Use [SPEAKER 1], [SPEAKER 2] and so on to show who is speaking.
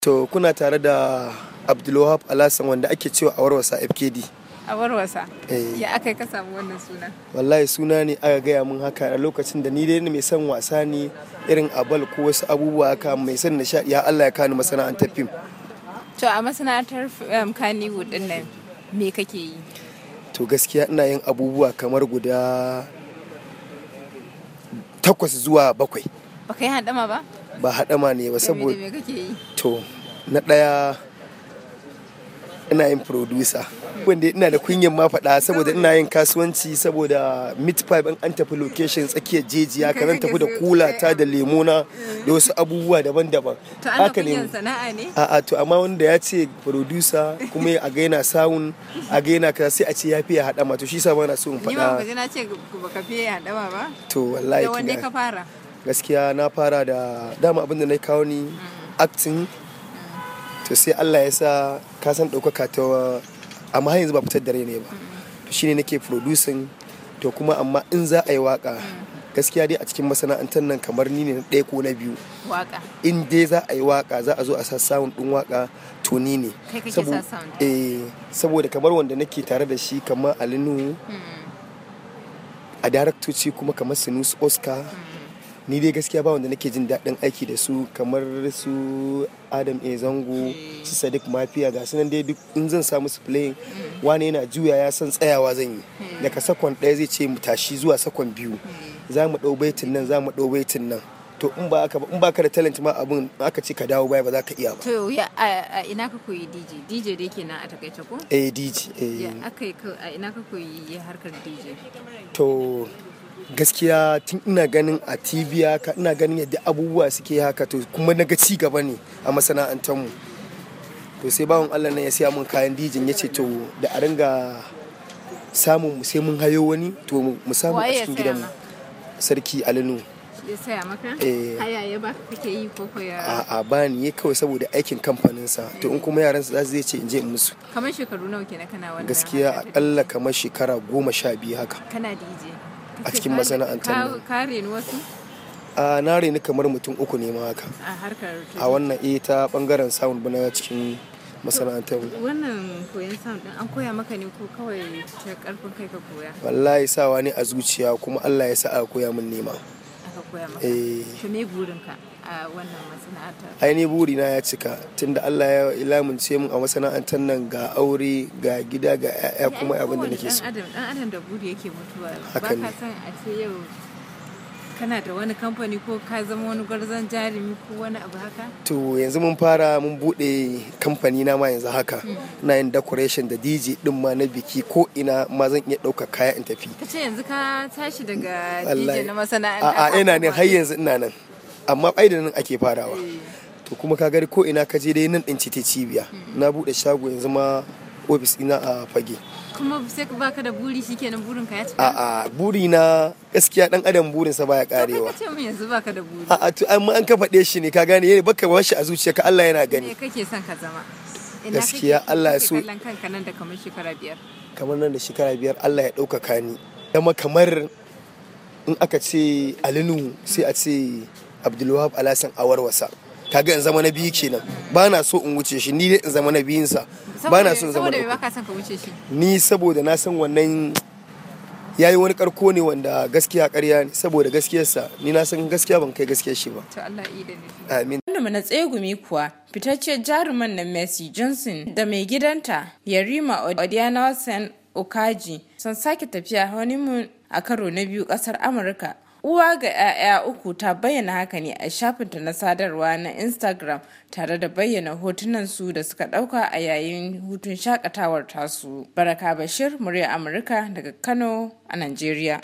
[SPEAKER 1] To kuna tare da Abdulwahab Alasan wanda ake cewa a warwasa FKD. A warwasa? Eh. Ya aka yi ka samu wannan suna? Wallahi suna ne aka gaya mun haka a lokacin da ni dai mai son wasa ne irin abal ko wasu abubuwa haka mai san nishaɗi ya Allah ya kani masana'antar fim. To a masana'antar um, kani din nan me kake yi? To gaskiya ina yin abubuwa kamar guda takwas zuwa bakwai. ba ka yi haɗama ba ba haɗama ne ba saboda to na ɗaya ina yin producer wanda ina da kunyan ma faɗa saboda ina yin kasuwanci saboda meat pipe in an tafi location tsakiyar jejiya ka zan tafi da kula ta da lemona da wasu abubuwa daban-daban to sana'a ne a'a to amma wanda ya ce producer kuma a ga yana sound a ga yana ka sai a ce ya fi hadama to shi yasa ba na so in faɗa ni ba ka ce ba ka fi hadama ba to wallahi wanda ka fara gaskiya na fara da dama abinda na kawo ni acting to sai Allah ya sa ka san ɗaukaka ta amma har yanzu ba fitar da rai ne ba to shine nake producing to kuma amma in za a yi waka gaskiya dai a cikin masana'antar nan kamar ni ne na ɗaya ko na biyu in dai za a yi waka za a zo a sa sound ɗin waka to ni ne eh, saboda kamar wanda nake tare da shi kamar alinu hmm. a daraktoci kuma kamar sinus oscar hmm. ni dai gaskiya ba wanda nake jin daɗin aiki da su kamar su adam a zango su sadiq mafiya ga sunan dai duk in zan samu su playing wani yana juya ya san tsayawa zan yi daga sakon ɗaya zai ce mu tashi zuwa sakon biyu za mu ɗau baitin nan za mu ɗau baitin nan to in ba ka in ba ka da talent ma abun aka ce ka dawo baya ba za ka iya ba to ya a ina ka koyi DJ DJ yake na a takaice ko eh DJ eh aka a ina ka koyi harkar DJ to gaskiya tun ina ganin a tv haka ina ganin yadda abubuwa suke haka to kuma na ga ci gaba ne a masana'antar mu to sai bawan allah na ya siya mun kayan dijin ya ce to da a ringa samun mu sai mun hayo wani to mu samu a cikin gidanmu sarki alinu ya saya maka eh. haya ya ba kake yi ko ko ya a ba ni ya kawai saboda aikin kamfaninsa to in kuma yaran sa zai ce in je in musu kamar shekaru nawa kenan kana wannan gaskiya akalla kamar shekara goma sha biyu haka kana DJ a cikin masana'antar nan ka reni wasu na reni kamar mutum uku ne ma haka a harkar a wannan eh ta bangaren sound na cikin masana'antar wannan koyan sound din an koya maka ne ko kawai ta karfin kai ka koya wallahi sawa ne a zuciya kuma Allah ya sa a koya min nema koya maka shi eh. me burinka a wannan masana'antar aini ya cika tunda Allah ya lamunce mun a masana'antar nan ga aure ga gida ga 'ya'ya kuma abin da nake so dan adam da buri yake mutuwa ba ka san a ce yau kana da wani kamfani ko ka zama wani gwarzon jarumi ko wani abu haka to yanzu mun fara mun bude kamfani na ma yanzu haka hmm. na yin decoration da DJ din ma na biki ko ina ma zan iya dauka kaya in tafi kace yanzu ka tashi daga DJ na masana'anta a ina ne har yanzu ina nan amma ai da nan ake farawa eh. to kuma ka gari ko ina ka je dai nan din ce cibiya hmm. na bude shago yanzu ma ofis ina a fage kuma sai ka baka da buri kenan burin ka ya cika a'a buri na gaskiya dan adam burin sa baya karewa to kace min yanzu baka da buri a'a to amma an ka faɗe shi ne ka gane yayi baka ba shi a zuciya ka Allah yana gani me kake son ka zama gaskiya Allah ya so kallon kanka nan da kamar shekara biyar kamar nan da shekara biyar Allah ya ɗaukaka ni dama kamar in aka ce alinu sai a ce Abdulwahab Alasan Awarwasa kaga in zama na biyu kenan ba na so in wuce shi ni dai in zama na biyun sa ba na so in zama na uku ni saboda na san wannan ya yi wani karko ne wanda gaskiya karya ne saboda gaskiyarsa ni na san gaskiya ban kai gaskiyar shi ba to Allah yi da ni amin wannan tsaye tsegumi kuwa fitaccen jaruman na Messi Johnson da mai gidanta Yarima Odiana Sen Okaji sun sake tafiya honeymoon a karo na biyu kasar Amurka Uwa ga 'ya'ya uku ta bayyana haka ne a shafinta na sadarwa na Instagram tare da bayyana hotunan su da suka ɗauka a yayin hutun shakatawar tasu. Baraka Bashir, murya Amurka daga Kano a Najeriya.